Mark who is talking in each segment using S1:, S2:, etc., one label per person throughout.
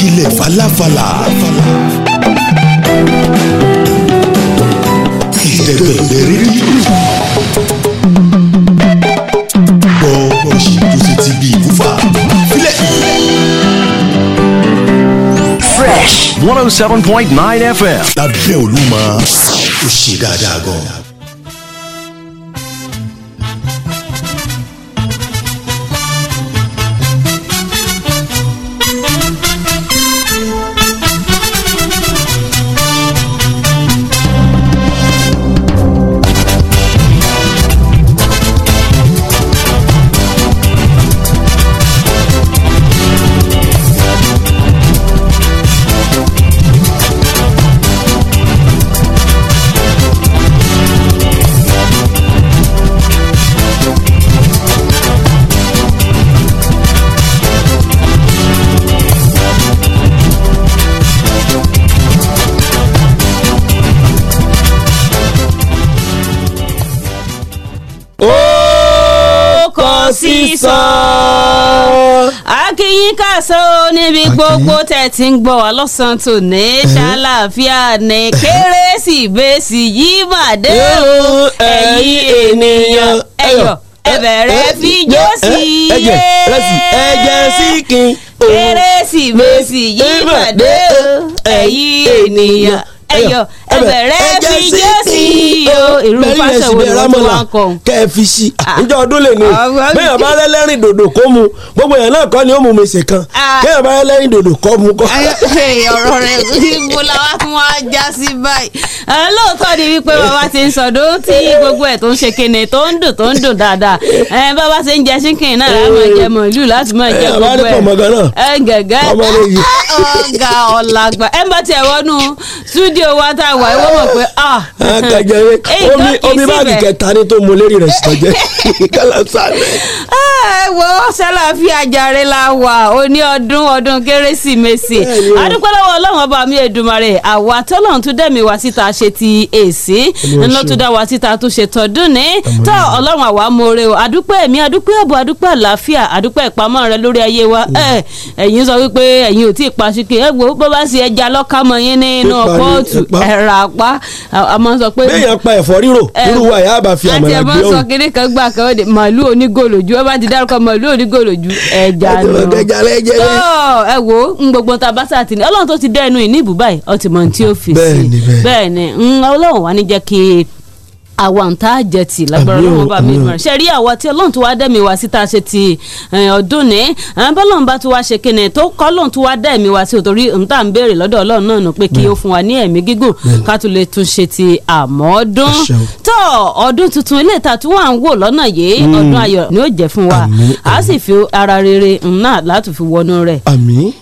S1: gilẹ̀ falafala. ìdẹ̀gbẹ̀gbẹ̀ rédíò. gbọ́ oṣù tó ṣe ti bí ìkúfà filẹ̀. fresh one oh seven point nine fm. lábẹ́ Olúmọ ó ṣe dáadáa gan-an.
S2: sísan. akínyìn kàṣọ níbi gbogbo tẹ̀ ti ń gbọ́ wá lọ́sàn-án tó ní ṣàlàáfíà ní kérésìmesì yìí màdé o ẹ̀yin ènìyàn ẹ̀yọ̀ ẹ̀bẹ̀rẹ̀ fi jó sí iye ẹ̀jẹ̀ síkìn kérésìmesì yìí màdé o ẹ̀yin ènìyàn ẹ̀yọ̀ ẹbẹ̀rẹ̀ fi jésì o irú pásẹ̀ wo ni wọ́n ti wá kọ. kẹ́ ẹ fi sí
S3: ìjọ ah. ọdún lè ní ah, bẹ́ẹ̀ bá lẹ́lẹ́rìn dòdò kó mu gbogbo yẹn náà kọ́ ni ó mu mèsè kan bẹ́ẹ̀ ah. bá lẹ́lẹ́rìn dòdò kọ́ mu kọ́. ọ̀rọ̀ rẹ̀ ibo la wá
S2: fún wa já sí báyìí. lóòótọ́ ni wípé bàbá ti ń sọ̀dọ̀ tí gbogbo ẹ̀ tó ń ṣe kene tó ń dùn tó ń dùn dáadáa bàbá eh, ti ń jẹ sínkìn náà láti máa jẹ eh. mọ̀lú láti máa jẹ eh, gbogbo ẹ̀ gẹ̀gẹ́ ọ̀gá ọ̀làgbà ẹ̀ ń bá tiẹ̀ wọnú stúdíò wa táwọn wà ẹ wọ́n mọ̀ pé ah. àtàjẹrẹ ah, omi omi báàgì kẹta
S3: ni tó mo lérí rẹ̀ sọ̀jẹ́ kálásálẹ̀.
S2: Ah, ẹ wo sẹ́láfì àjàre la wà òní ọdún ọdún kérésìmesì adúpẹ́ lọ́wọ́ ọlọ́run ọba mi èdùmarè àwa tọ́lọ́run tún dẹ̀mí wá síta ṣe ti èsì ńlọ tún dá wá síta tún ṣe tọdún ní tọ́ ọlọ́run àwa mọ̀ọ́rẹ́ o adúpẹ́ ẹ̀mí adúpẹ́ ẹ̀bù adúpẹ́ àlàáfíà adúpẹ́ ìpamọ́ rẹ lórí ayé wa mm. eh, ẹ̀yin sọ wípé ẹ̀yin ò tí ì pa ṣíkè ẹ̀ wo bó bá sì ẹja lọ́kàmọ́ yín nínú ọ̀pọ̀ òtù ẹ̀rọ ara apá a máa ń sọ pé. béèyàn pa ẹ̀fọ́ ríro irú wa yà á bá fi àmàlà gbé òun. àti ẹ̀ máa ń sọ kíní kan gbà kan ó de màálù onígòlòjú ẹ bá ti dárúkọ màálù onígòlòjú ẹja nù. ẹ wo n gbogbo ta bá sá ti ní ọlọ́run tó ti dẹ́ inú ìní ìbú báyìí ọ ti mọ ohun tí ó fi sí bẹ́ẹ̀ ni ọlọ́run wà ní jẹ́ kí àwa ń tá a jẹ tì lágbára ọlọ́run bá mi rẹ̀ ṣe rí àwa tí ọlọ́run tó wá dẹ́mi wá síta ṣe ti ọdún ní bọ́lọ́run bá tó wá ṣe kíni tó kọ́ lọ́run tó wá dẹ́mi wá sí òtórí ń tà ń béèrè lọ́dọ̀ ọlọ́run náà nù pé kí ó fún wa ní ẹ̀mí gígùn ká tó lè tún ṣe ti àmọ́dún tó ọdún tuntun ilé ìta tí wọ́n wò lọ́nà yìí hmm. ọdún ayọ̀ ni ó jẹ́ fún wa a sì fi ara rere náà láti fi wọnú rẹ̀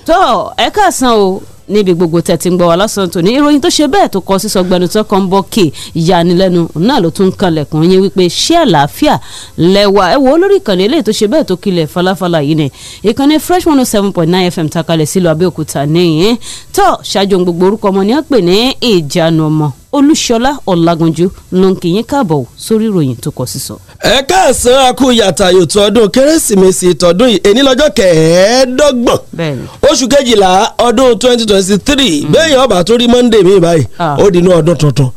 S2: tó ẹ káàsán o níbi gbogbo tẹ̀tí ń gbọ́ wa lọ́sàn-án tòní ìròyìn tó ṣe bẹ́ẹ̀ tó kọ sísọ gbẹnutọ́ kan bọ́ kè yanilẹ́nu náà ló tún kanlẹ̀kùn yín wípé ṣé àlàáfíà lẹ́wà ẹ wo olórí ìkànnì eléyìí tó ṣe bẹ́ẹ̀ tó kilẹ̀ falafala yìí ni ìkànnì fresh one oh seven point nine fm takalẹ̀ sílùú abẹ́òkúta níyìn tó ṣáájú gbogbo orúkọ ọmọ ni wọ́n pè ní ìjánu ọmọ olúṣọlá ọlágunjú ló ń kí yín káàbọ̀ sórí ìròyìn tó kọ sísọ. ẹ
S3: káàsán akú yàtà yòtò ọdún kérésìmesì tọdún yìí èní oṣù kejìlá ọdún twenty twenty three mm. bẹ́ẹ̀yàn ọba tó rí monday mi báyìí ah. ó dínú ọdún tuntun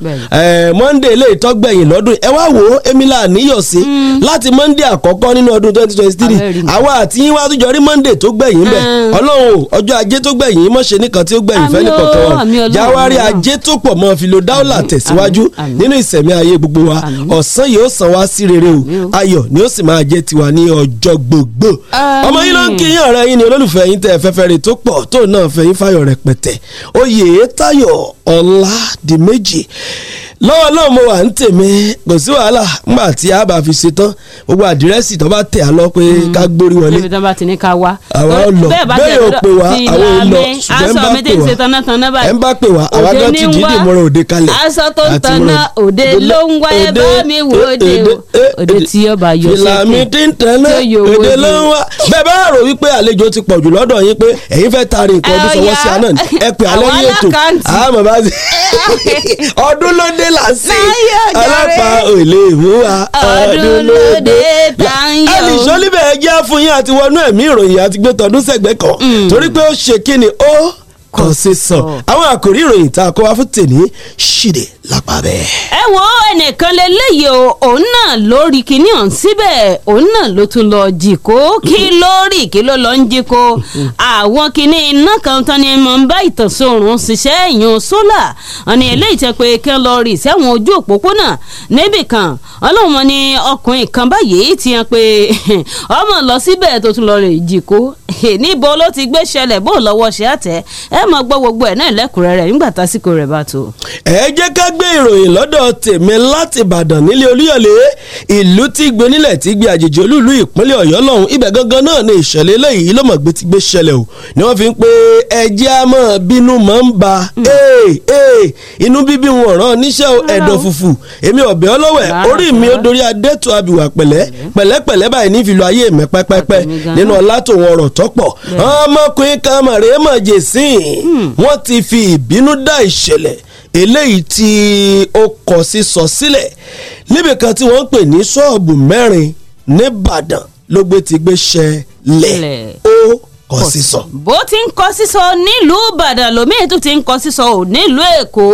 S3: monday lè tọ́gbẹ̀yìn lọ́dún ẹ wá wò emila níyọ̀ sí mm. láti monday àkọ́kọ́ nínú ọdún twenty twenty three àwa àti yín wá tó jọ rí monday tó gbẹ̀yìn bẹ́ẹ̀ mm. ọlọ́run ọjọ́ ajé tó gbẹ̀yìn mọ̀ṣẹ́ nìkan tí ó gbẹ̀yìn fẹ́ nìkan kan jáwárí ajé tó pọ̀ mọ́ fi lò dáwọ́ là tẹ̀síwájú nínú ìsẹ̀mí ayé gbogbo wa ọ̀sán yìí ó sàn wá sí rere o ayọ̀ ni ó sì máa jẹ́ tiwa ní ọjọ́ gbogbo. ọmọ yìí ló ń kíyàn ọ̀rẹ́ yìí ni olólùfẹ́ yín tẹ fẹ́fẹ́rẹ́ tó pọ̀ tó náà fẹ́ yín fáyọ̀ rẹpẹtẹ oyè tayo ọlá di méjì lọ́wọ́ náà mo wà ń tèmi kò sí wàhálà ńgbà tí a bá fi ṣe tán gbogbo àdírẹ́sì tó bá tẹ̀ á lọ pé hmm. ká gbórí wọlé.
S2: bá ti ní ká wá. àwọn ò lọ bẹ́ẹ̀ ò pè wá àwa ò lọ ṣùgbọ́n ń bá pè wá ti dídì mọ́ra òde kalẹ̀. aṣọ tó ń òde ló ń wá ẹ bá mi wò yóò tẹ òde
S3: ló ń wá. là ń sìn ọlọ́pàá ò lè mú wa ọdún lóde báyọ̀. ẹnì ìṣọ́líbẹ̀ ẹjẹ́ fún yín àti wọnú ẹ̀mí ìròyìn àti gbé tọdún sẹ́gbẹ́ kan mm. torí pé ó ṣe kí ni ó kàn sí sàn àwọn àkòrí ìròyìn tá a kó wa fún tèmi
S2: ṣìdè lápá bẹ́ẹ̀. ẹ wo ẹnìkan lélẹ́yìí o òun náà lórí kinní ọ̀hún síbẹ̀ òun náà ló tún lọ jìkó kí lórí kí ló lọ ń jìkó àwọn kinní iná kan tán ni mo ń bá ìtànsán oòrùn ṣiṣẹ́ ìyún sólà ọ̀nà eléyìí tẹ́ pé kí wọ́n lọ rí sẹ́wọ̀n ojú òpópónà níbì kan ọlọ́run mọ́ ni ọkùnrin kan báyìí ti hàn pé ọmọ lọ síbẹ̀ tó tún lọ rè jìkó níbo ló ti gbé ṣẹlẹ̀ bó lọ́wọ́ ṣe àtẹ ẹ máa gbọ́ gbogbo ẹ̀ náà lẹ́kùnrẹ́rẹ́ nígbà tásìkò rẹ̀ bá tó.
S3: ẹ jẹ́ ká gbé ìròyìn lọ́dọ̀ tèmi láti ìbàdàn nílé olúyọ̀lé ìlú tí gbé nílẹ̀ tí gbé àjèjì olúùlú ìpínlẹ̀ ọ̀yọ́ lọ́hùn ibẹ̀ gangan náà ni ìṣẹ̀lẹ̀ eléyìí ló mọ̀ gbé ti gbé ṣẹlẹ̀ o ni wọ́n fi ń pe ẹjẹ́ a mọ̀ bínú mọ̀ ń ba hmm. inú bíbí wọn ọ̀ràn níṣẹ́ ẹ̀dọ̀ fùfù èmi ọ̀bẹ̀ ọlọ́wẹ̀ orí mi ó dorí adétò abìwà pẹ̀lẹ́ pẹ̀lẹ́pẹ̀lẹ́ báyìí ní ìfìlú ayé mi pẹ́pẹ́pẹ́ nínú ọlá tòun ọ̀rọ̀ tọ́pọ̀ ọmọkùnrin kan mọ̀rẹ́mọ̀jẹ̀sìn hmm. wọ́n ti fi ìbínú dá ìṣẹ̀lẹ̀ eléyìí tí ó kọ sísọ sílẹ̀ níbi kan tí wọ́n ń pè ní ṣọ́ọ̀bù mẹ́rin nìbàdàn ló gbé ti gbé ṣẹlẹ̀ ó kọ sísọ.
S2: bó ti ń kọ sísọ nílùú ìbàdàn lómìn tó ti ń kọ sísọ ò nílùú èkó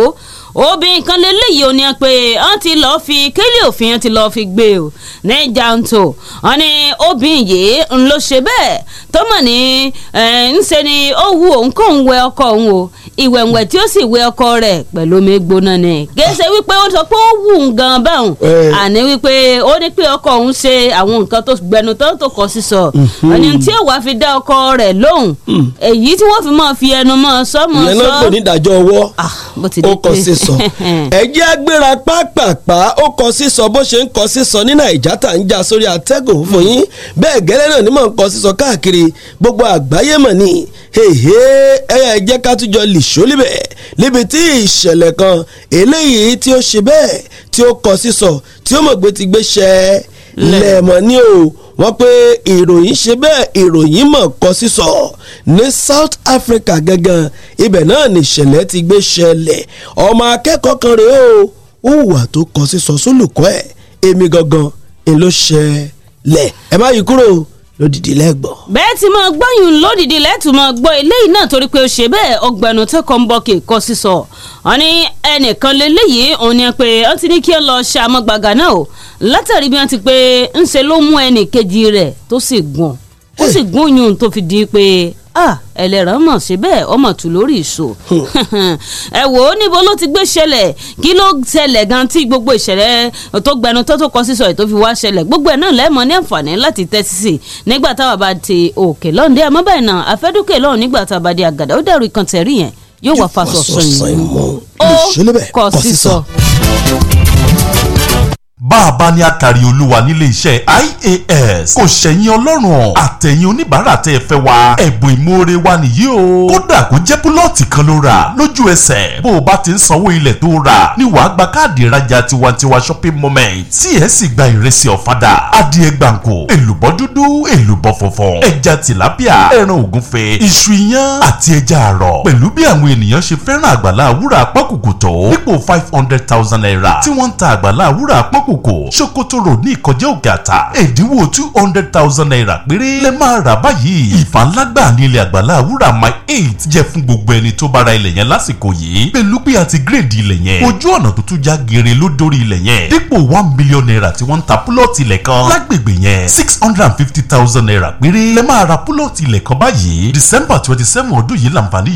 S2: obìnrin kan lélẹ́yìí ò ní ẹ pé wọ́n ti lọ́ọ́ fi kélé òfin wọ́n ti lọ́ọ́ fi gbé o ní janto wọ́n ní obìnrin yìí ń lọ ṣe bẹ́ẹ̀ tọ́mọ̀ ní ń ṣe ni ó wu òun kò ń wẹ ọkọ òun o ìwẹ̀wẹ̀ tí ó sì wẹ ọkọ rẹ̀ pẹ̀lú omi gbóná ni gèsè wípé ó sọ pé ó wù ń gan báwọn àní wípé ó ní pé ọkọ òun ṣe àwọn nǹkan tó gbẹnu tó tó kọ sí sọ ẹni tí ó wàá fi dá ọkọ rẹ̀ lóhùn hmm. èyí tí wọ́n fi máa fi ẹnu mọ́ sọ́mọ́ sọ́ ìyẹn náà kò ní ìdájọ́ ọwọ́ ah, ó kọ sí sọ
S3: ẹ̀jẹ̀ agbéra pápápá ó kọ sí sọ bó ṣe ń kọ sí sọ ní nàìjà tá ń já sórí atẹ́gùn fún yín bẹ́ẹ̀ gẹ́lẹ́ náà ni mò ń kọ sí sọ káàkiri gbogbo àgbáyé mọ̀ ni ẹ̀jẹ̀ ká túnjọ lè nìṣó líbẹ̀ níbi tí ìṣẹ̀lẹ̀ kan eléyìí tí ó ṣe bẹ́ẹ̀ tí ó kọ sísọ tí ó mọ̀ gbé ti gbé ṣẹ́ lẹ́ẹ̀mọ́ ní o wọ́n pé ìròyìn ṣe bẹ́ẹ̀ ìròyìn mọ̀ kọ sísọ ní South Africa gangan ibẹ̀ náà nìṣẹ̀lẹ̀ ti gbé ṣẹlẹ̀ ọmọ akẹ́kọ̀ọ́ kan rèé o ó wà tó kọ sísọ sólùkọ́ ẹ̀ èmi gangan ń ló ṣẹlẹ̀ ẹ má yí kúrò lódìdí lẹ́gbọ̀.
S2: bẹ́ẹ̀ tí mo gbọ́yìn lódìdí lẹ́tù mo gbọ́ eléyìí náà torí pé ó ṣe bẹ́ẹ̀ ọgbẹ̀nu tó kọ́ ń bọ́ kì í kọ́ sísọ. wọ́n ní ẹnìkan lélẹ́yìí òun ni pé ó ti ní kí ó lọ ṣe àmọ́gbàgà náà o látàrí bí wọ́n ti pé ńṣe ló mú ẹnì kejì rẹ̀ tó sì gùn ó sì gún yùn tó fi di pé ẹlẹ́ran mọ̀ síbẹ̀ ọmọ tù lórí ìṣó ẹ wò ó níbo ló ti gbé ṣẹlẹ̀ kí ló ṣẹlẹ̀ gan tí gbogbo ìṣẹ̀lẹ̀ tó gbẹnu tó tó kọ sísọ ètò fi wá ṣẹlẹ̀ gbogbo ẹ̀ náà lẹ́mọ̀ ní àǹfààní láti tẹ́tí sí nígbà táwa bá ti òkè lọ́ndé àmọ́ báyìí náà àfẹ́dúkè lọ́hùn nígbà táwa bá di àgàdà ó dẹ̀rù ìkàntẹ̀rí yẹn yóò wá fasọ̀ sọ̀yìn ó
S1: bàbá ni àtàrí olúwa nílé iṣẹ́ ias kò ṣẹ̀yìn ọlọ́run àtẹ̀yìn oníbàárà tẹ́ ẹ fẹ́ wa ẹ̀bùn ìmoore wa nìyí o kódà kó jẹ́ púlọ́ọ̀tì kan ló rà lójú ẹsẹ̀ bó o bá ti ń sanwó ilẹ̀ tó rà ni wàá gba káàdì ìrajà tiwantiwa shopping moment tí ẹ sì gba ìrẹsì ọ̀fadà adìẹ gbàǹkó èlùbọ́ dúdú èlùbọ́ funfun ẹja tìlápìà ẹran ògúnfe iṣu iyán àti ẹja àrọ̀ pẹ̀lú bí àwọn ènìyàn ṣe fẹ́ràn àgbàlá àwúrà apákòkò tó dípò five hundred thousand naira tí wọ́n ń ta àgbàlá àwúrà apákòkò lákòókò Sokoto road ní ìkọjẹ́ Ògàtà ẹ̀dínwó two hundred thousand naira péré lẹ́ máa rà báyìí ìfànlágbà ní ilẹ̀ àgbàlá àwúrà my eight jẹ́ fún gbogbo ẹni tó bá ra ilẹ̀ yẹn lásìkò yìí pẹ̀lú pé a ti gírèdì ilẹ̀ yẹn ojú ọ̀nà tó tún já geere ló dórí ilẹ̀ yẹn dípò one million naira tí wọ́n ń ta púlọ̀tì ilẹ̀ kan lágbègbè yẹn six hundred and fifty thousand naira péré lẹ́ máa ra púlọ̀tì ilẹ̀ kan báyìí December twenty seven ọdún yìí làǹfààní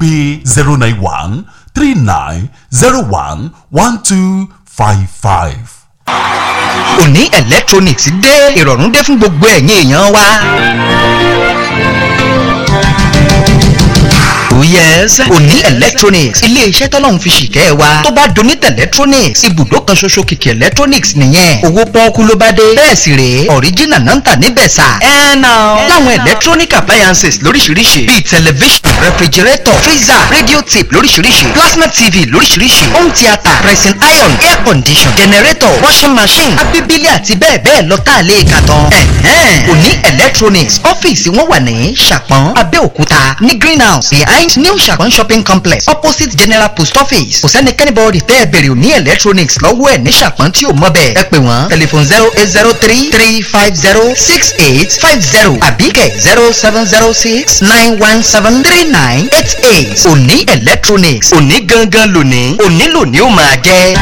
S1: yìí zero nine one three nine zero one one two five five. òní electronics
S4: dé ìrọ̀rùn dé fún gbogbo ẹ̀yin èèyàn wa. Oh yes òní electronics ilé-iṣẹ́ tọ́lọ́run fi ṣìkẹ́ ẹ wa tó bá donate electronics ibùdó kan ṣoṣo kìkì electronics nìyẹn owó pọ́ọ́kú ló bá dé bẹ́ẹ̀ sì rèé original náà ń tà níbẹ̀ sà. láwọn electronic appliances lóríṣiríṣi bíi tẹlifíṣàn refrigerator freezer radio tape lóríṣiríṣi plasma tv lóríṣiríṣi home theatre pressing iron air condition generator washing machine abibili àti bẹ́ẹ̀ bẹ́ẹ̀ lọ tá a lè ka tán. òní electronics ọ́fíìsì wọn wà ní ṣàpọ̀n abẹ́òkúta ní greenhouse behind new ṣàpọ̀n shopping complex opposite general post office kò sẹ́ni kẹ́nìbọ̀ọ́dì tẹ́ ẹ bèrè òní electronics lọ́wọ́ ẹ̀ ní ṣàpọ̀n tí ò mọ̀ bẹ́ẹ̀ ẹ pè wọ́n telephone zero eight zero three three five zero six eight five zero àbíkẹ́ zero seven zero six nine one seven three three òní electronics òní gangan lónìí òní lónìí ó máa jẹ́.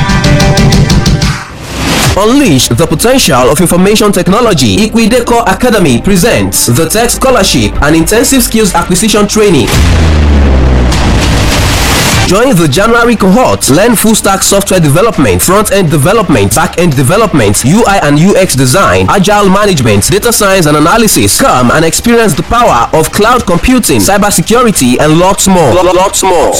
S4: Unleash the potential of
S5: information technology. Equideco Academy presents the Tech Scholarship and Intensive Skills Acquisition Training. Join the January cohort. Learn full stack software development, front end development, back end development, UI and UX design, agile management, data science and analysis. Come and experience the power of cloud computing, cybersecurity, and lots more. Lots more.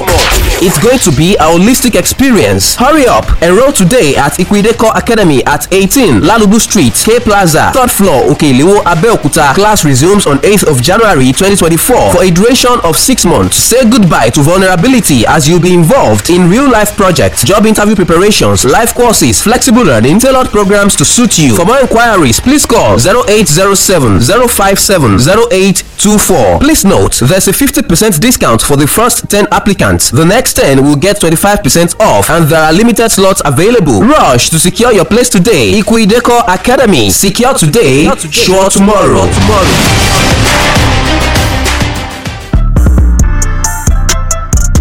S5: It's going to be a holistic experience. Hurry up! Enroll today at Equideco Academy at 18 Lalubu Street, K Plaza, third floor, Okeliwo, Abeokuta. Class resumes on 8th of January 2024 for a duration of six months. Say goodbye to vulnerability as you'll be involved in real life projects, job interview preparations, life courses, flexible learning, tailored programs to suit you. For more inquiries, please call 0807 057 0824. Please note there's a 50% discount for the first 10 applicants. The next 10 will get 25% off, and there are limited slots available. Rush to secure your place today. Equideco Academy. Secure today, sure tomorrow.
S3: tomorrow.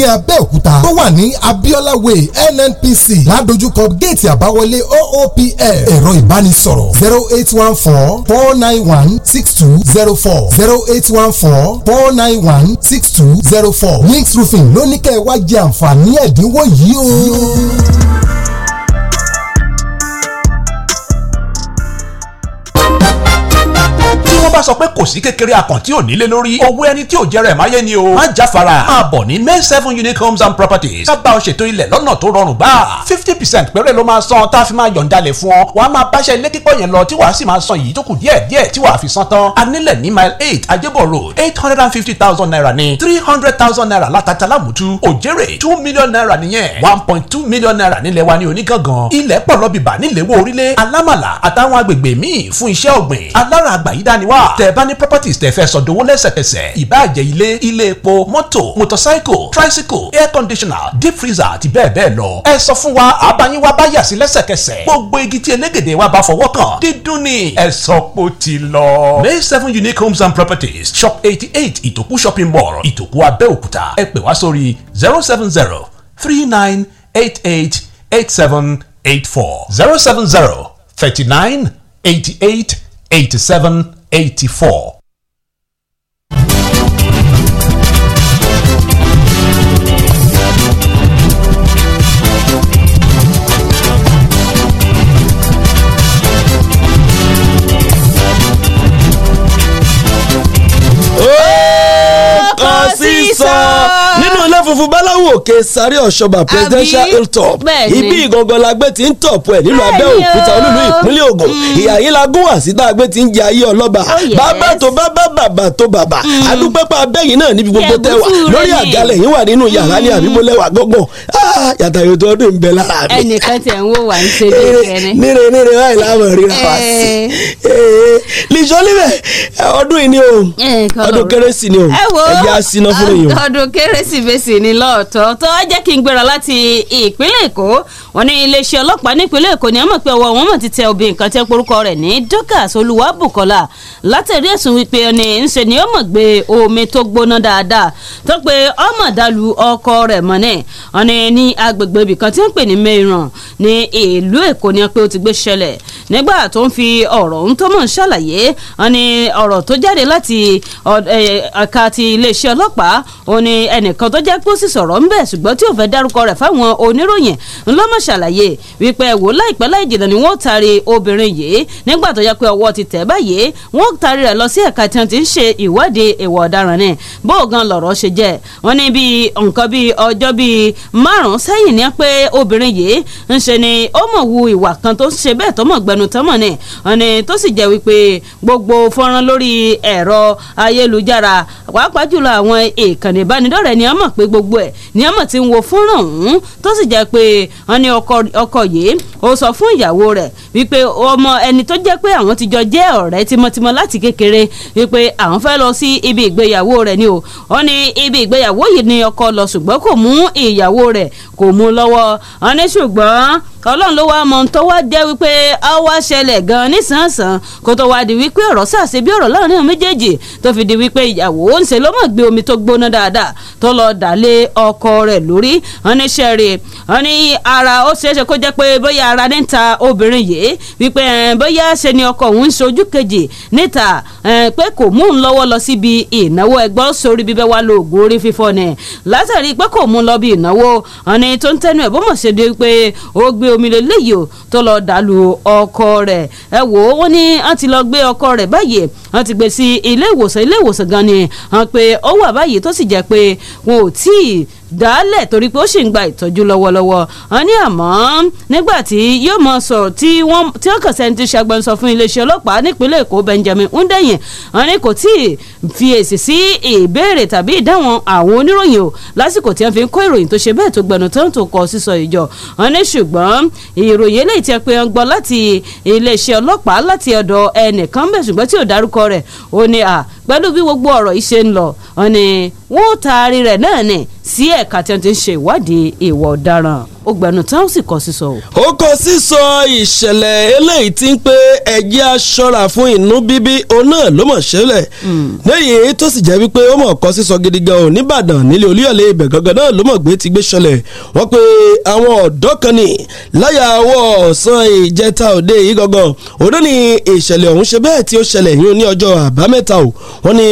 S1: ní Abẹ́òkúta tó wà ní Abiola Way NNPC ládojúkọ géètì àbáwọlé OOPL ẹ̀rọ ìbánisọ̀rọ̀ zero eight one four four nine one six two zero four zero eight one four four nine one six two zero four Links Roofing ló ní kẹ́ ẹ wá jẹ àǹfààní ẹ̀dínwó yìí o
S6: bá sọ pé kò sí kékeré akàn tí ò nílé lórí owó ẹni tí ò jẹ́ rẹ̀ máyé ni o má jáfara máa bọ̀ ní main seven unique homes and properties kábàá ń ṣètò ilẹ̀ lọ́nà tó rọrùn bá fifty percent péré ló máa san tá a fi máa yọ̀ǹda lẹ̀ fún ọ wàá máa báṣẹ ilé kíkọ́ yẹn lọ tí wàá sì máa san yìí tó kù díẹ̀ díẹ̀ tí wàá fi san tán anílẹ̀ ní mile eight ajébọ̀ road eight hundred and fifty thousand naira ní three hundred thousand naira látàtà lámùtú òjèrè two million naira nìyẹn one point two million naira nílẹ̀ wa ní onígangan ilẹ̀ pọ̀ lọ́bìbà nílẹ̀wọ̀ orílẹ̀ alámàlà àtàwọn agbègbè míì fún iṣẹ́ ọ̀gbìn alára àgbà yìí dániwá tẹ bá ní properties tẹ fẹ́ sọdowó lẹ́sẹ̀kẹsẹ̀ ìbáàjẹ́ ilé ilé epo mọ́tò motorcycle tricycle air conditioner deep freezer àti bẹ́ẹ̀ bẹ́ẹ̀ lọ. ẹ sọ fún wa àbáyín wa bá yà sí lẹ́sẹ̀kẹsẹ̀ gbogbo igi tí elégèdè wa bá fọwọ́ kàn dídùn ni ẹ sọ pé ó ti lọ. May seven unique homes and properties shop eighty eight ìtòkú shopping mall ìtòkú abẹ́òkúta ẹ pè wá sórí zero seven zero three nine eight eight eight seven eight four zero seven zero thirty nine eighty eight eighty seven. 84.
S3: funfun bá aláwọ̀ òkè sáré ọ̀ṣọ́bà presidential hilltop ibi ìgangan la gbé ti ń tọ̀pù ẹ̀ nílùú abẹ́òkúta olúlu ìpínlẹ̀ ògùn mm. ìyá yìí la gún wá tá a gbé ti ń jẹ ayé ọlọ́ba oh, bàbá tó bàbá bàbá tó bàbá mm. adúpẹ́pẹ́ abẹ́yìn náà níbi gbogbo tẹ́ wà lórí àgàlẹ̀ yín wà nínú yàrá ní àbímọ́lẹ́wà gbọ́gbọ́n ah, yàtà yòtò ọdún ìbẹ̀ lára mi.
S2: ẹnìkan tẹ̀ ń wò wá ń ṣe bí kẹrin. níre
S3: níre wáyé láwọn ríra wá sí i. lìṣọ́ níbẹ̀ ọdún yìí ni o eh, ọdún kérésì
S2: ni eh, ni lọ́ọ̀t ọ̀tọ̀ọ̀tọ̀ jẹ́ kí n gbéra láti ìpínlẹ̀ Èkó wọ́n ní iléeṣẹ́ ọlọ́pàá nípínlẹ̀ Èkó ni wọ́n mọ̀ pé ọwọ́ wọn mọ̀ ti tẹ obìnrin kan tẹ́ porúkọ rẹ̀ ní Dorcas Olúwabùkọ́lá látẹ̀rí ẹ̀sùn wípé ẹni ńṣe ni ó mọ̀ gbé omi tó gbóná dáadáa tó pé ọmọ dàlú ọkọ rẹ̀ mọ́ ní wọ́n ní agbègbè ibì kan tí wọ́n pè ní Meiran ní ìlú Èkó ni pé ó ti gbé ṣẹlẹ̀ nígbà tó ń fi ọ̀rọ̀ ń tó mọ̀ ń ṣàlàyé wọ́n ọ̀rọ̀ tó jáde láti ẹ̀ka ti iléeṣẹ́ ọlọ́pàá òun ẹnìkan tó jẹ́ pé ó sì sọ̀rọ̀ ńbẹ̀ ṣùgbọ́n tí ò fẹ́ dárúkọ rẹ̀ fáwọn oníròyìn ńlọ́mọ ṣàlàyé wípé ẹ̀wò láìpẹ́ láì jìnnà ni wọ́n taari obìnrin yìí nígbà tó yẹ pé ọwọ́ ti tẹ̀ báyìí wọ́n taari rẹ̀ lọ sí ẹ̀ka tí wọ́n ti ń ṣe ìwádìí ìwà ọ̀daràn ni bóògan lọ̀rọ̀ ṣe jẹ́ wọ́n ní bí nǹkan bí ọjọ́ bí márùn-ún sẹ́yìn ni pé obìnrin yìí ń ṣe ni ó mọ̀ wu ìwà kan tó ń ṣe bẹ́ẹ̀ tó mọ̀ gbẹnu tọ́mọ̀ ni wọ́n ní tó sì jẹ́ wípé gbogbo fọ́nrán lórí ẹ̀rọ ayélujára pàápàá jùlọ àwọn ìkànnì ìbánidọ́rẹ̀ẹ́ ni wọ́n mọ̀ pé gbogbo ẹ̀ ni wọ́n mọ̀ ti ń wo fọ́nrán ọ̀hún tó sì jẹ́ pé wọ́n ní ọkọ yìí ó sọ fún ìyàwó rẹ̀ wípé ọmọ ẹni tó jẹ́ pé àwọn ti jọ jẹ́ ọ̀rẹ́ tímọ́tímọ́ láti kékeré wípé àwọn fẹ́ lọ sí ibi ìgbéyàwó rẹ̀ ni o wọ́n ní ibi ìgbéyàwó yìí ni ọkọ lọ ṣùgbọ́n kò mú ìyàwó rẹ̀ kò mú lọ́wọ́ wọ́n ní ṣùgbọ́n ọlọ́run ló wá mọ tó wá jẹ́ wípé a wá ṣẹlẹ̀ gan nísànsàn kó tó wá di wípé ọ̀rọ̀ sàṣe bí ọ̀rọ̀ láàrin àwọn méjèèjì tó fi di wípé ìyàwó ń ṣe ló mọ̀ gbé omi tó gbóná dáadáa tó lọ dà ọkọ rẹ̀ lórí wọn ní ṣẹ́ẹ̀rì wọn ní ara ó ṣeéṣe kó jẹ́ pé bóyá ara ní ta obìnrin yìí wípé bóyá ṣe ni ọkọ òun ń ṣojú kejì níta pé kò mú un lọ́wọ́ lọ síbi ìnáwó ẹgbọ́ sórí bíbẹ́ wá lo oògùn orí fífọ́ ni látàrí pé kò mú un lọ bí ìnáwó ọ̀nì tó ń tẹnu ẹ̀ bó mọ̀ ṣe di pé ó gbé omi lè léyìí o tó lọ dàlú ọkọ rẹ̀ ẹ wò ó ní wọ́n ti lọ gbé ọkọ rẹ̀ báyìí wọ́n ti gbé sí ilé ìwòsàn ilé ìwòsàn gan ni pé ó wà báyìí tó sì jẹ́ pé wọn ò tíì dálẹ̀ torí pé ó sì ń gba ìtọ́jú lọ́wọ́lọ́wọ́ wọn ní àmọ́ nígbà tí yóò mọ sọ̀rọ̀ tí wọ́n tí ó kàn sẹ́ni ti ṣàgbọ́nsọ fún iléeṣẹ́ ọlọ́pàá nípínlẹ̀ Èkó Benjamin Hundeyin wọn ní kò tí ì fi èsì sí ìbéèrè tàbí ìdáhùn àwọn oníròyìn o lásìkò tí wọ́n fi ń kó ìròyìn tó ṣe bẹ́ẹ̀ tó gbẹnu tó ń tó kọ sísọ ìjọ wọn ní ṣùgbọ́n ìròyìn eléyìí ti pe ọgbọ́n láti iléeṣẹ́ pẹ̀lú bí gbogbo ọ̀rọ̀ yìí ṣe ń lọ ọ̀nì wọn ò taari rẹ̀ náà nì sí ẹ̀ka tí wọ́n ti ń ṣe ìwádìí ìwà ọ̀daràn ó gbẹnu tán ó sì kọ sísọ
S3: ó kọ sísọ ìṣẹ̀lẹ̀ eléyìí tí ń pé ẹ̀jẹ̀ aṣọ́ra fún inú bíbí òun náà ló mọ̀ ṣẹlẹ̀ hmm. lẹ́yìn tó sì jẹ́ wípé ó mọ̀ kọ sísọ gidi gan òun nílé olúyọ̀lé ibẹ̀ gangan náà ló mọ̀ gbé ti gbé ṣẹlẹ̀ wọ́n pé àwọn ọ̀dọ́ kan ní láyà ọwọ́ ọ̀sán ìjẹta òde yìí gangan òun ní ìṣẹ̀lẹ̀ ọ̀hún ṣe bẹ́ẹ̀ tí ó ṣẹlẹ̀ yún ní ọjọ́ àbámẹ́ta wọ́n ní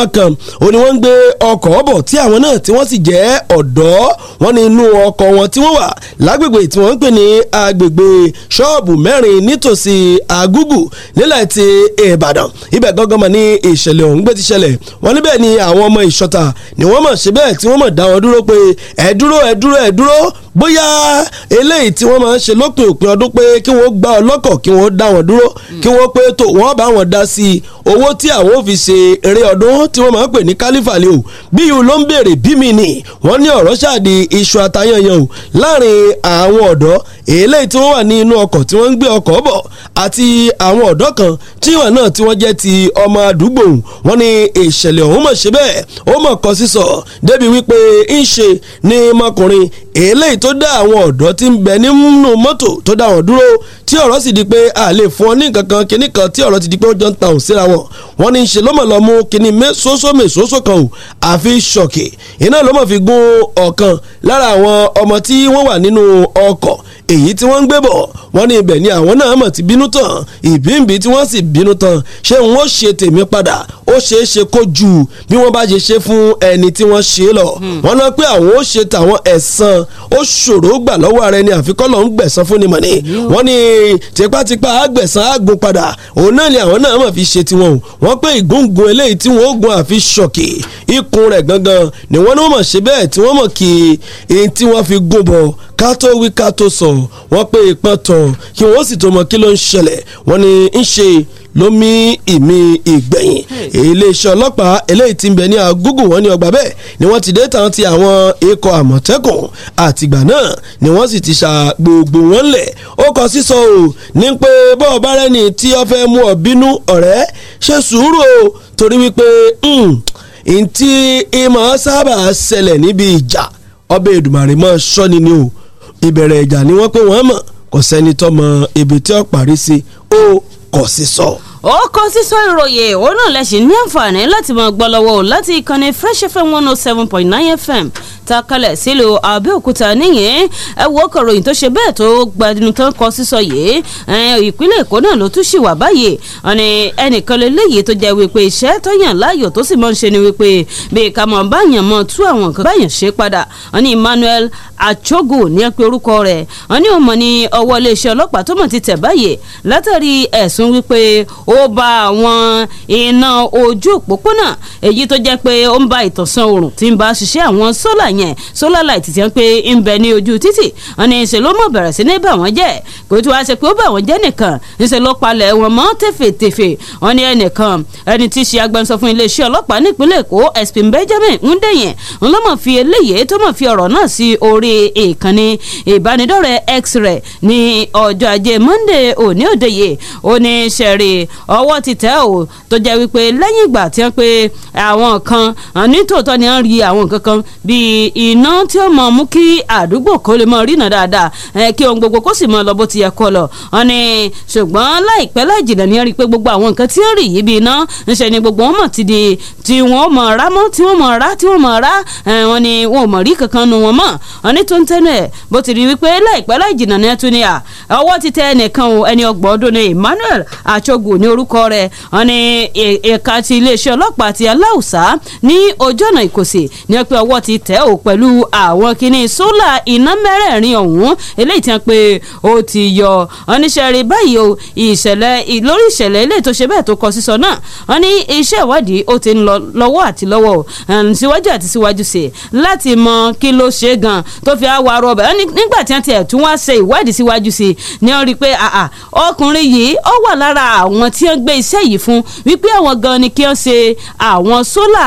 S3: ọkàn ó ní wọ́n ń gbé ọkọ̀ bọ̀ tí àwọn náà tí wọ́n sì jẹ́ ọ̀dọ́ wọ́n ní inú ọkọ̀ wọn tí wọ́n wà lágbègbè tí wọ́n ń pè ní agbègbè ṣọ́ọ̀bù mẹ́rin nítòsí àgúgù nílẹ̀ ti Ìbàdàn ibẹ̀ gangan mọ̀ ní ìṣẹ̀lẹ̀ ọ̀hún gbé ti ṣẹlẹ̀ wọ́n níbẹ̀ ni àwọn ọmọ ìṣọ̀tà ni wọ́n mọ̀ ṣe bẹ́ẹ̀ tí wọ́n mọ̀ dá wọn dúró pé ẹ dúró ẹ dúró ẹ dúró bóyá eléyìí tí wọ́n máa ń ṣe lópin òpin ọdún pé kí wọ́n gba ọlọ́kọ̀ kí wọ́n dá wọn dúró kí wọ́n pé tó wọ́n bá wọn dá sí owó tí àwọn ò fi ṣe eré ọdún tí wọ́n máa ń pè ní kálífàlì o bí yìí ló ń béèrè bí mi nì wọ́n ní ọ̀rọ̀ ṣáàdì iṣu àtayànyàn o láàrin àwọn ọ̀dọ́ eléyìí tí wọ́n wà ní inú ọkọ̀ tí wọ́n ń gbé ọkọ̀ bọ̀ àti àwọn ọ̀dọ́ kan tí wọ́n náà tí wọ́n jẹ́ ti ọmọ àdúgbò wọ́n ní ìṣẹ̀lẹ̀ ọ̀hún mọ̀ ṣe bẹ́ẹ̀ ó mọ̀ kọ sísọ débi wípé ń ṣe ni ọmọkùnrin eléyìí tó dá àwọn ọ̀dọ́ tí ń bẹ nínú mọ́tò tó dá wọn dúró tí ọ̀rọ̀ sì di pé a lè fún ọ ní kankan kinní kan tí ọ̀rọ̀ ti di pé ó jọ ń ta òun síra wọn wọn ní í ṣe lọ́mọ̀lọ́mú kinní mẹ́sọ́sọ́mẹ́sọ́sọ́ kan ò àfi ṣọ̀kì iná ló fi gún ọ̀kan lára àwọn ọmọ tí wọ́n wà nínú ọkọ̀ èyí tí wọ́n ń gbé bọ̀ wọ́n ní ibẹ̀ ni àwọn náà mọ̀ ti bínú tán ìbínbí tí wọ́n sì bínú tán ṣé n ó ṣe tèmi padà ó ṣeé ṣe kó ju bí wọ́n bá ṣe ṣe fún ẹni tí wọ́n ṣe lọ hmm. wọ́n náà pé àwọn ó ṣe tàwọn ẹ̀san ó ṣòro gbà lọ́wọ́ ara ẹni àfikọ́ lọ́n gbẹ̀san fún ni mọ̀ ni wọ́n ní tipátipá àgbẹ̀san àgùn padà òun náà ni àwọn náà mọ̀ fi ṣe tiwọn o wọ́n pé ìgúngun eléyìí tí wọ́n gun àfi ṣọ̀kì ikùn rẹ̀ gangan ni wọ́n ní wọ́n mọ̀ ṣe bẹ́ẹ̀ tí wọ́n mọ̀ kí èyí tí wọ́n fi gún bọ̀ ká wí ká sọ ọlọ́run kí wọ́n sì tó mọ kí ló ń ṣẹlẹ̀ wọ́n ní ń ṣe ló mí ìmí ìgbẹ̀yìn iléeṣẹ́ ọlọ́pàá eléyìí tí ń bẹ ní agúgù wọn ní ọgbà bẹ́ẹ̀ ni wọ́n ti dé tàn ti àwọn ikọ̀ àmọ̀tẹ́kùn àtìgbà náà ni wọ́n sì ti ṣà wọn lẹ̀ ó kọ sísọ o ní pé bọ́ọ̀ bá rẹ́ni tí ó fẹ́ mú ọ bínú ọ̀rẹ́ ṣe sùúrù o torí wípé hmm, ntí ìmọ̀ sábà ṣẹlẹ̀ níbi ìjà ọbẹ̀ Èdùmàrè mọ́ sọ́ni ni o ìbẹ̀rẹ̀ ìjà ni wọ́n pé wọ́n mọ̀ kò sẹ́ni tọ́mọ ebi tí ó parí sí ó kò sí sọ
S2: ó kọ́ sísọ ìròyìn òun náà lẹ́sìn ní àǹfààní láti máa gbọ́ lọ́wọ́ láti ìkànnì fresh fm one oh seven point nine fm ta kalẹ̀ sílùú Abẹ́òkúta nìyẹn ẹ wo ọkọ̀ròyìn tó ṣe bẹ́ẹ̀ tó gbadinu tó ń kọ sísọ yìí ìpínlẹ̀ Èkó náà ló tún ṣì wà báyìí ọ̀nì ẹnìkan lélẹ́yìí tó jẹ́ wípé iṣẹ́ tó yàn láàyò tó sì mọ̀ ń ṣe ni wípé bí ká mọ̀ báyàn mọ̀ tú àwọn kan báyàn ṣe padà ọ̀nì Emmanuel Achogo ní ẹ pé orúkọ rẹ̀ ọ̀nì òmò ni ọwọ́ iléeṣẹ́ ọlọ́pàá tó mọ̀ ti tẹ̀ báyìí látàrí ẹ̀sùn wípé ó ba àwọn iná ojú òpópónà èyí tó jẹ́ pé ó ń ba ìtànsán oòrùn tí ń bá ṣiṣẹ́ àwọn sólà yẹn sólà láìtì tí wọ́n pe ń bẹ ní ojú títì wọn ni ṣe ló mọ̀ bẹ̀rẹ̀ sí ní bà wọ́n jẹ́ kò tí wàá ṣe pé ó bà wọ́n jẹ́ nìkan ńṣe ló palẹ̀ wọn mọ́ tèfètèfè wọn ni ẹnìkan ẹni tí ṣe agbẹnusọ fún iléeṣẹ́ ọlọ́pàá nípínlẹ̀ èkó sp benjamin hundeyin ńlọ́mọ̀ fi eléyìí tó mọ̀ fi ọ̀rọ̀ náà sí orí ìkànnì ìbánidọ́rẹ̀ẹ́ x ray ní ọjọ́ ajé monday òní òde yìí ó ní ṣẹ̀rí ọwọ́ ti tẹ̀ ò tó jẹ́ wípé lẹ́yìn ìgbà tí wọ́n pe àwọn kan nítòótọ́ ni wọ́n rí àwọn nǹkan kan bíi iná tí ó mọ̀ mú kí àdúgbò kó lè mọ̀ rínà dáadáa kí ohun gbogbo kó sì mọ̀ lọ bó ti yẹ kó lọ. wọ́n ní ṣùgbọ́n láìpẹ́ láì jìnnà ni wọ́n rí i pé gbogbo àwọn nǹkan tí wọ́n rí yìí bíi iná ńṣe ni gbogbo wọn mọ̀ ti di tí wọ́n mọ̀ rá mọ́ tí wọ́n mọ̀ rá tí wọ́n mọ̀ rá wọ́n ní wọn ò mọ̀ rí kankan nu wọn mọ̀ wọ́n ní tó ń tẹ́nu ẹ̀ bó ti rí wípé láìpẹ́ láì jìnnà ni ẹ tún ní à ọwọ́ ti tẹ ẹnìkan ẹni ọgbọ̀n ọdún ni Emmanuel Achogwu ní orú orúkọ rẹ̀ wọ́n ní ẹ̀ka ti iléeṣẹ́ ọlọ́pàá ti aláùsá ní ojú ọ̀nà ìkòsì ní ọpẹ́ ọwọ́ ti tẹ̀ ò pẹ̀lú àwọn kinní sólà iná mẹ́rẹ̀ẹ̀rin ọ̀hún eléyìí ti hàn pé ó ti yọ wọ́n ní sẹ́rí báyìí o ìṣẹ̀lẹ̀ lórí ìṣẹ̀lẹ̀ eléyìí tó ṣe bẹ́ẹ̀ tó kọ sísọ náà wọ́n iṣẹ́ ìwádìí ó ti ń lọ lọ́wọ́ àti lọ́wọ́ síwájú àti síwájú sí láti mọ kí ló ṣe gan tó fi àwa rọbẹ̀ nígbà tí wọ́n ti ẹ̀ tún wá ṣe ìwádìí síwájú sí ni wọ́n rí i pé ọkùnrin yìí ó wà lára àwọn t tí wọ́n gbé iṣẹ́ yìí fún wípé àwọn gan ni kí wọ́n ṣe àwọn sólà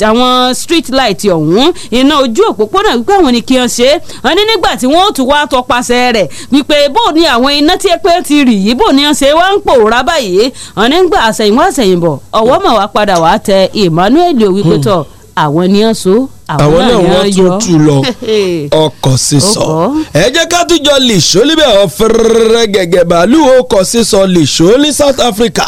S2: àwọn street light ọ̀hún iná ojú òpópónà wípé àwọn ni kí wọ́n ṣe wọ́n ní nígbà tí wọ́n ó tún wá tọpasẹ̀ rẹ̀ wípé bó ni àwọn iná tí ẹ pé ti rì yìí bó ni wọ́n ṣe wá ń pòórá báyìí wọ́n ní gbà àṣẹ̀yìnwá àṣẹ̀yìnbọ̀ ọ̀wọ́ mọ̀ wá padà wá tẹ Emmanuel wípé hmm. tọ̀ àwọn ni wọ́n so àwọn náà wọ́n tún tù lọ
S3: ọkọ̀ sísọ ẹ jẹ́ ká tún jọ lìṣó níbẹ̀ ọ̀fẹ́rẹ́rẹ́ gẹ̀gẹ̀ bàálù ọkọ̀ sísọ lìṣó ní South Africa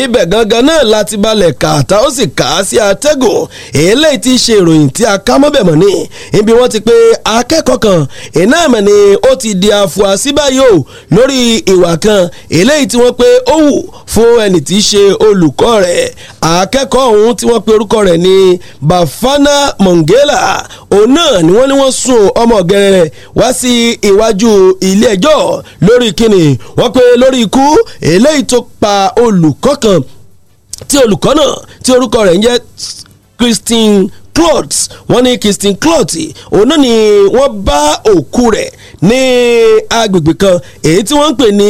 S3: ibẹ̀ gangan náà láti balẹ̀ kàtà ó sì kà á sí àtẹ́gùn eléyìí ti ṣe ìròyìn tí a ká mọ́bẹ̀mọ́ ní ibi wọ́n ti pé akẹ́kọ̀ọ́ kan iná àmì ni ó ti di àfúrásì báyìí o lórí ìwà kan eléyìí tí wọ́n pé ó wù fún ẹni tí í ṣe olùkọ́ rẹ̀ akẹ́kọ̀ọ́ ọ̀hún tí wọ́n pe orúkọ rẹ̀ ní Bafana Mong Kongela òun náà ni wọ́n ní wọ́n sún ọmọ gẹ̀rẹ̀ wá sí iwájú ilé ẹjọ́ lórí kíni wọ́n pé lórí ikú eléyìí tó pa olùkọ́ kan tí olùkọ́ náà tí orúkọ rẹ̀ ń jẹ́ Christine cloth wọ́n ní Christine cloth òun náà ni wọ́n bá òkú rẹ̀ ní agbègbè kan èyí tí wọ́n ń pè ní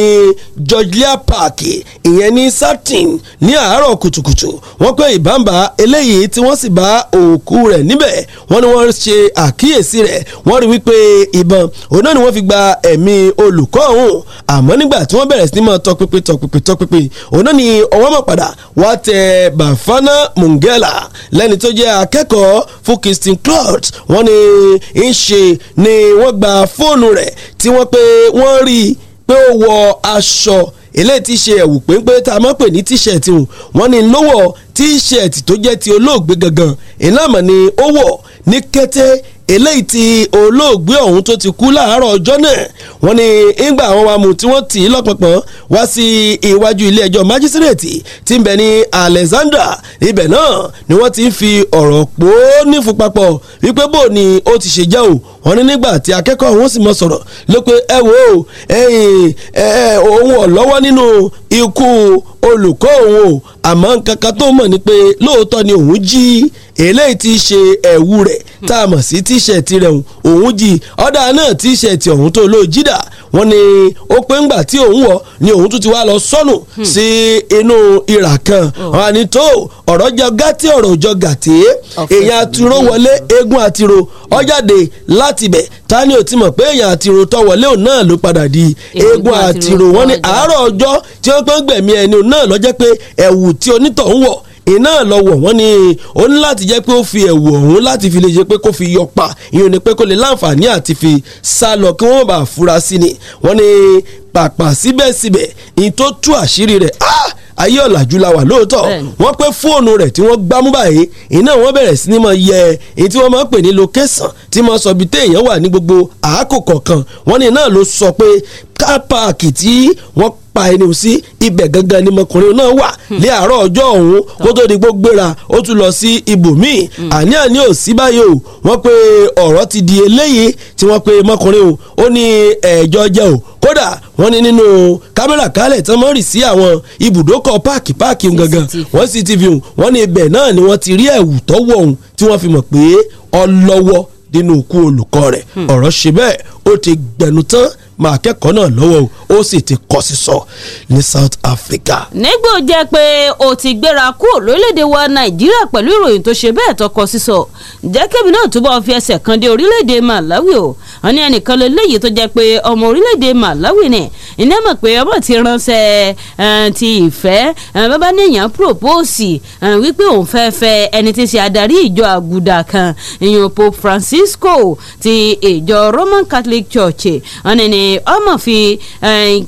S3: Georgia Park ìyẹn ní satin ní àárọ̀ kùtùkùtù wọ́n pé ìbámbá eléyìí tí wọ́n sì bá òkú rẹ̀ níbẹ̀ wọ́n ní wọ́n ṣe àkíyèsí rẹ̀ wọ́n rí wípé ìbọn òun náà ni wọ́n fi gba ẹ̀mí olùkọ́ ọ̀hún àmọ́ nígbà tí wọ́n bẹ̀rẹ̀ sí ní máa tọpinpin tọpinpin òun náà ni ọwọ́ mọ̀ padà wá tẹ Bafana Mungela lẹ́ni tó jẹ́ akẹ́kọ̀ọ́ olùkọ́ fún Kirsten Clot wọ́n ní ń ṣe ni wọ́n gba fóònù rẹ̀ tí wọ́n pé wọ́n rí i pé ó wọ aṣọ eléyìí ti ṣe ẹ̀wù péńpé tá a máa pè ní tíṣẹ̀tì hùn wọ́n ní lówọ̀ tíṣẹ̀tì tó jẹ́ ti olóògbé gangan ìlànà ni ó wọ̀ ní kété eléyìí tí olóògbé ọ̀hún tó ti kú láàárọ̀ ọjọ́ náà wọ́n ní ńgbà àwọn wa tí wọ́n tì í lọ́pọ̀pọ̀ wá sí iwájú ilé ẹjọ́ májísírèètì tí ń bẹ ní Alexandra ibẹ̀ náà ni wọ́n ti ń fi ọ̀rọ̀ pò ó nífun papọ̀ wípé bò ni ó ti ṣe jẹ́ o wọ́n ní nígbà tí akẹ́kọ̀ọ́ òun sì mọ sọ̀rọ̀ ló pé ẹ wo òun ò lọ́wọ́ nínú ikú olùkọ́ òun o àmọ́ nǹkan tó mọ̀ ni pé lóòótọ́ ni òun jí eléyìí ti ṣe ẹ̀wù rẹ̀ tá a mọ̀ sí ti tíṣẹ̀tì rẹ̀ òun jì ọ̀dà náà tíṣẹ̀tì ọ̀hún tó ló jìdà wọ́n ní ó pé ńgbà tí òun wọ̀ ni òun tún ti wá lọ sọnù hmm. sí inú ìrà kan oh. wọn á ní tó ọ̀rọ̀ jọ gàtí ọ̀rọ̀ jọ gàtí èèyàn àtúrò hmm. wọlé eégún àtìrò ọjàde hmm. láti bẹ̀ ta ni ò ti mọ̀ pé èèyàn àtìrò tó wọlé òun náà ló padà di eégún àtìrò wọn ní àárọ̀ ọjọ́ tí wọ́n pẹ́ ń gbẹ̀mí ẹni òun náà lọ́jẹ́ pé ẹ̀wù tí onítọ̀ ń wọ̀ iná lọ́wọ́ wọn ni ó ní láti jẹ́ pé ó fi ẹ̀wù ọ̀hún láti fi lè jẹ́ pé kó fi yọ pa ìyẹn ni pé kó lè láǹfààní àti fi sá lọ kí wọ́n bá fura sí ni wọ́n ní pàpà síbẹ̀síbẹ̀ ìyẹn tó tú àṣírí rẹ̀ ah ayé ọ̀làjú la wà lóòótọ́ wọ́n pé fóònù rẹ̀ tí wọ́n gbámú báyìí iná wọn bẹ̀rẹ̀ sí ni mọ̀ yẹ èyí tí wọ́n máa ń pè ní location tí mo sọ bí téèyàn wà ní gbogbo àákò kọ̀ọ̀kan wọ́n ní iná ló sọ pé car tí wọ́n pa ẹni ò sí ibẹ̀ gangan ni ọmọkùnrin náà wà ní àárọ̀ ọjọ́ ọ̀hún kó tó di gbógbéra ó tún lọ sí ibòmíì hmm. àní àní ò sí báyìí o wọ́n pe ọ̀rọ̀ ti di eléyìí tí wọ́n pe ọmọkùnrin o ó ní ẹ̀jọ́ jẹ́ o kódà wọ́n ní nínú kámẹ́rà kálẹ̀ tí wọ́n rì sí àwọn ibùdókọ̀ páàkì páàkì gangan wọ́n CCTV wọ́n ní ibẹ̀ náà ni wọ́n ti rí ẹ̀wù tọ́wọ́ ọ̀hún tí wọ́n fi mọ̀ pé ọlọ́wọ́ nínú ikú olùkọ́ rẹ̀ hmm. ọ̀rọ̀ ṣe bẹ́ẹ̀ ó ti gbẹ̀nu tán máa kẹ́kọ̀ọ́ náà lọ́wọ́ ó sì ti kọ́ sísọ ní South Africa.
S2: nígbò jẹ́ pé o ti gbéra kúrò lórílẹ̀‐èdè wa Nàìjíríà pẹ̀lú ìròyìn tó ṣe bẹ́ẹ̀ tọkọ sísọ jẹ́ kébì náà túbọ̀ fi ẹsẹ̀ kan dé orílẹ̀‐èdè Malawi o wọ́n ní ẹnìkan lè léyìí tó jẹ́ pé ọmọ orílẹ̀‐èdè Malawi ni iná mọ̀ pé ọmọ ti ránṣẹ́ ti ìfẹ́ bàbá níyàn propose wípé òun fẹ́ fẹ́ ẹni tí ṣe adarí ìjọ àgùdà kan ìyọ̀pọ̀ Francisco ti ìjọ Roman Catholic Catholic Church ọ̀nì ni ọmọ fi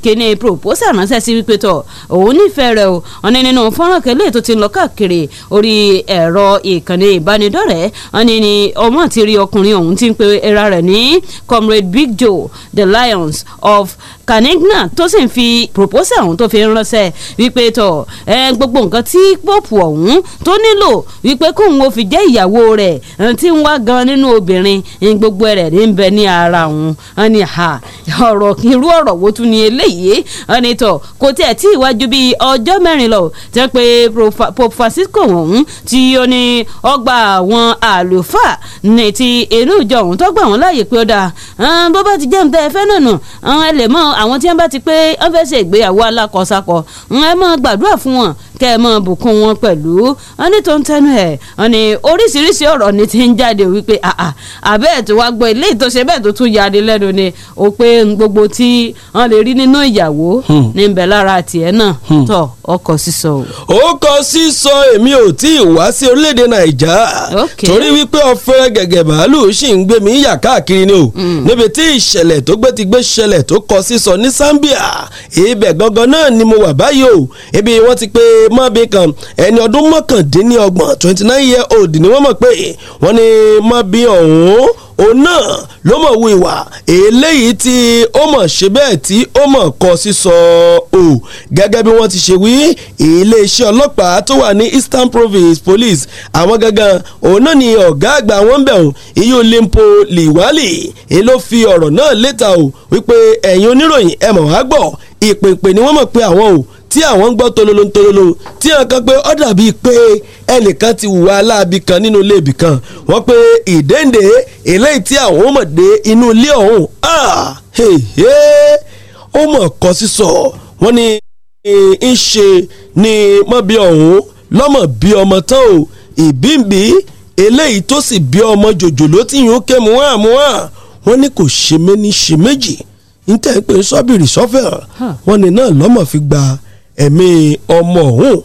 S2: kíni proposal ránṣẹ́ sí wípé tọ̀ òun nífẹ̀ẹ́ rẹ̀ o ọ̀nì nínú fọ́nrán kẹlẹ́ tó ti lọ káàkiri orí ẹ̀rọ ìkànnì ìbánidọ́rẹ̀ẹ́ ọ̀nì ni ọmọ ti rí ọkùnrin ọ̀hún ti ń pe era rẹ̀ ní Comrade Big Joe the Lions of Canigna tó sì ń fi proposal ọ̀hún tó fi ń ránṣẹ́ wípé tọ̀ gbogbo nǹkan tí pọ́pù ọ̀hún tó nílò wípé kóun ó fi jẹ́ ìyàwó rẹ̀ tí ń wá gan nínú obìnrin gbogbo rẹ̀ ní bẹ ní ara òun wọn ha ọ̀rọ̀ irú ọ̀rọ̀ wo tún ni eléyìí wọn ni tọ̀ kò tiẹ̀ tí ìwájú bíi ọjọ́ mẹ́rin lọ jẹ́ pé Pope Francisco ọ̀hún tí ó ní ọgbà àwọn àlùfáà ní ti inú ìjọ ọ̀hún tó gbà wọ́n láàyè pé ó dáa bó bá ti jẹ́ nǹkan ẹ̀fẹ́ nànà ẹ lè mọ àwọn tí wọ́n bá ti pé wọ́n fẹ́ ṣègbéyàwó alákọ̀ọ́sakọ̀ ẹ máa gbàdúrà fún wọn kẹ́ ẹ mọ́ bùkún wọn pẹ̀lú wọn ní tó ń tẹnu ẹ̀ wọn ní oríṣiríṣi ọ̀rọ̀ ni ti ń jáde wípé àbẹ́ ẹ̀ tó wá gbọ́ ilé ìtọ́sẹ̀ bẹ́ẹ̀ tó tún yáde lẹ́nu ni ó pé gbogbo tí wọ́n lè rí nínú ìyàwó hmm. ní ń bẹ lára tiẹ̀ náà hmm. tọ̀ ọkọ̀ sísọ o.
S3: ó kọ sísọ èmi ò tí ì wá sí orílẹ̀-èdè nàìjà torí wípé ọ̀fẹ́ gẹ̀gẹ̀ bàálù ṣì ń gbé mi yà káàkiri ni o mm. níbi tí ìṣẹ̀lẹ̀ tó gbé ti gbé ṣẹlẹ̀ tó kọ sísọ ní Zambia ibẹ̀ gangan náà ni mo wà báyìí o ibi wọ́n ti pé mọ́bí kan ẹni ọdún mọ́kàndínlọ́gbọ̀n twenty nine year old ni wọ́n mọ̀ pé wọ́n ní mọ́bí ọ̀hún òun náà ló mọ̀ wu ìwà eléyìí tí ó mọ̀ ṣe bẹ́ẹ̀ tí ó mọ̀ kọ sísọ o gẹ́gẹ́ bí wọ́n ti ṣe wí iléeṣẹ́ ọlọ́pàá tó wà ní Eastern Province Police àwọn gangan òun náà ni ọ̀gá àgbà wọn ń bẹ̀rù iyún Limpo Liwali èyí ló fi ọ̀rọ̀ náà léta o wípé ẹ̀yin oníròyìn ẹ mọ̀ wá gbọ́ ìpèpè ni wọ́n mọ̀ pé àwọn o tí àwọn ń gbọ́ tololo tololo tí àwọn kan pé ó dàbí pé ẹnìkan ti hùwà aláàbí kan nínú ilé ibì kan wọ́n pé ìdéǹdè eléyìí tí àwọn mọ̀ dé inú ilé ọ̀hún ah, ó mọ̀ kọ́ sísọ wọ́n ní ń ṣe ni mọ́bí ọ̀hún lọ́mọ bí ọmọ tán o ìbíǹbí eléyìí tó sì bí ọmọ jòjòló tí yìí ó ké muhamua wọ́n ní kò ṣe méní ṣe méjì ń tẹ̀ ń pè sọ́bìrì sọ́fẹ̀ wọ́n ní náà lọ́mọ fi gba ẹ̀mí ọmọ ọ̀hún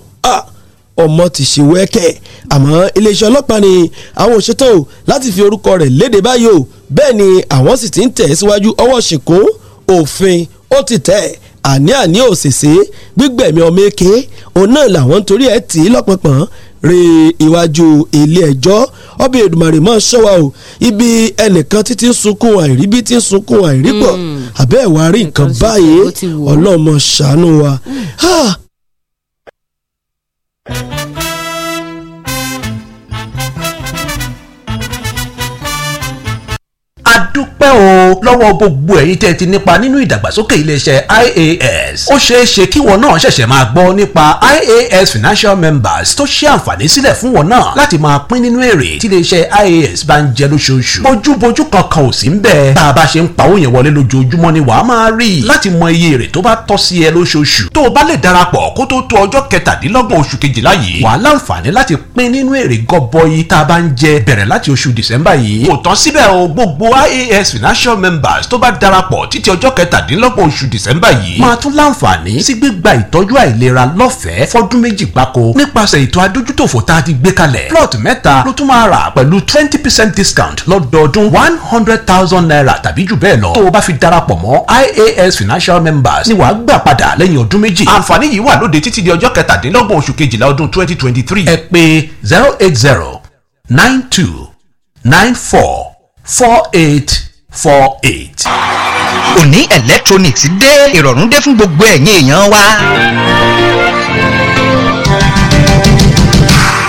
S3: ọmọ ti ṣe wẹ́kẹ̀ àmọ́ iléeṣẹ́ ọlọ́pàá ni àwọn òṣètò láti fi orúkọ rẹ̀ léde báyìí o bẹ́ẹ̀ ni àwọn sì ti ń tẹ̀ síwájú ọwọ́ ṣìnkún òfin ó ti tẹ̀ àní àní òṣèṣe gbígbẹ̀mí ọmọ èké òun náà làwọn torí ẹ̀ tì í lọ́pọ̀pọ̀n re iwájú ilé ẹjọ́ ọbẹ̀ Èdùmàrè mọ́ ṣọ́wá o ibi ẹnìkan títí sunkún àìríbí tí sunkún àìrígbọ̀ hmm. àbẹ́ ẹ̀wà rí nǹkan báyìí ọlọ́mọ ṣàánú wa.
S6: a o o lọ́wọ́ gbogbo ẹ̀yin tẹ́ ti nípa nínú ìdàgbàsókè iléeṣẹ́ IAS ó ṣeé ṣe kí wọn náà ṣẹ̀ṣẹ̀ máa gbọ́ nípa IAS financial members tó ṣe àǹfààní sílẹ̀ fún wọn náà láti máa pín nínú èrè tí iléeṣẹ́ IAS bá ń jẹ lóṣooṣù bójúbójú kankan ò sí ń bẹ́ẹ̀ bá a bá ṣe ń pawó yẹn wọlé lójoojúmọ́ ni wàá máa rí i láti mọ iye èrè tó bá tọ́ sí ẹ lóṣooṣù tó o bá lè darapọ̀ kó tó tó ọjọ́ kẹtàdínlọ́gbọ̀n oṣù kejìlá yìí wàá láǹfààní láti pín nínú èrè gọbọyì tá a bá ń jẹ bẹ̀rẹ̀ láti oṣù December yìí kò tán síbẹ̀ o gbogbo IAS financial loyal members tó bá darapọ̀ títí ọjọ́ kẹtàdínlọ́gbọ̀n oṣù dìsẹ́mbà yìí máa tún láǹfààní sí gbígba ìtọ́jú àìlera lọ́fẹ̀ẹ́ fọ́dún méjì gbáko nípasẹ̀ ètò adójútòfò tá a ti gbé kalẹ̀ plot mẹ́ta ló tún máa rà pẹ̀lú twenty percent discount lọ́dọọdún one hundred thousand naira tàbí jù bẹ́ẹ̀ lọ tó o bá fi darapọ̀ mọ́ IAS financial members ni wàá gbà padà lẹ́yìn ọdún méjì àǹfààní yìí wà lóde títí di ọjọ́ kẹtàdínlọ́gbọ̀n oṣù kejìlá ọdún twenty twenty three ẹ eight zero nine two
S4: nine four four eight four eight. òní electronics dé ìrọ̀rùn dé fún gbogbo ẹ̀yin èèyàn wa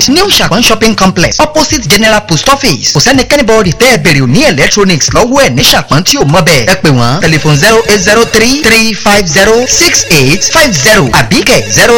S4: Find New Shagun Shopping Complex opposite General Post Office. Kò sẹ́ni kẹ́nìbọ̀dì tẹ́ ẹ bèrè òní electronics lọ́wọ́ ẹ̀ ní Ṣàpọ́n tí ò mọ̀ bẹ́ẹ̀. Ẹ pè wọ́n tẹlifon zero eight zero three three five zero six eight five zero àbíkẹ̀ zero